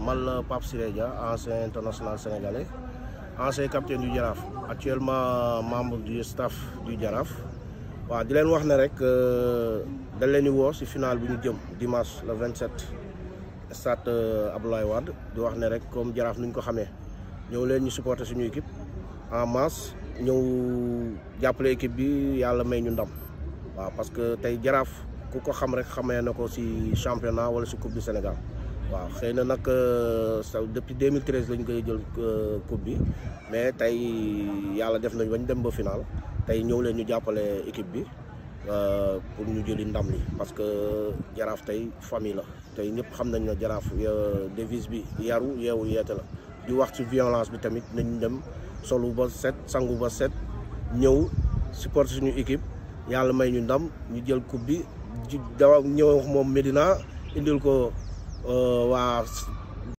Mal la euh, Pape ancien international sénégalais ancien capitaine du Jaraaf actuellement membre du staff du Jaraaf Wa di leen wax ne rek euh, dañ leen si final bi ñu jëm dimanche le 27 stade euh, Abdoulaye Wade di wax ne rek comme Jaraaf nu ñu ko xamee ñëw leen ñu supporter suñu équipe en masse ñëw jàppale équipe bi yàlla may ñu ndam waaw parce que ku ko xam rek xamee na ko si championnat wala si coupe du Sénégal. waaw xëy na nag euh, depuis 2013 lañ koy jël euh, coupe bi mais tey yàlla def nañ bañ dem ba final tey ñëw leen ñu jàppale équipe bi euh, pour ñu jëli ndam li parce que jaraaf tey famille la tey ñëpp xam nañ ne jaraaf devise bi yaru yeewu yeete la di wax ci violence bi tamit nañ dem solu ba set sangu ba set ñëw support suñu équipe yàlla may ñu ndam ñu jël coupe bi dawa ñëw moom Medina indil ko uh, wow.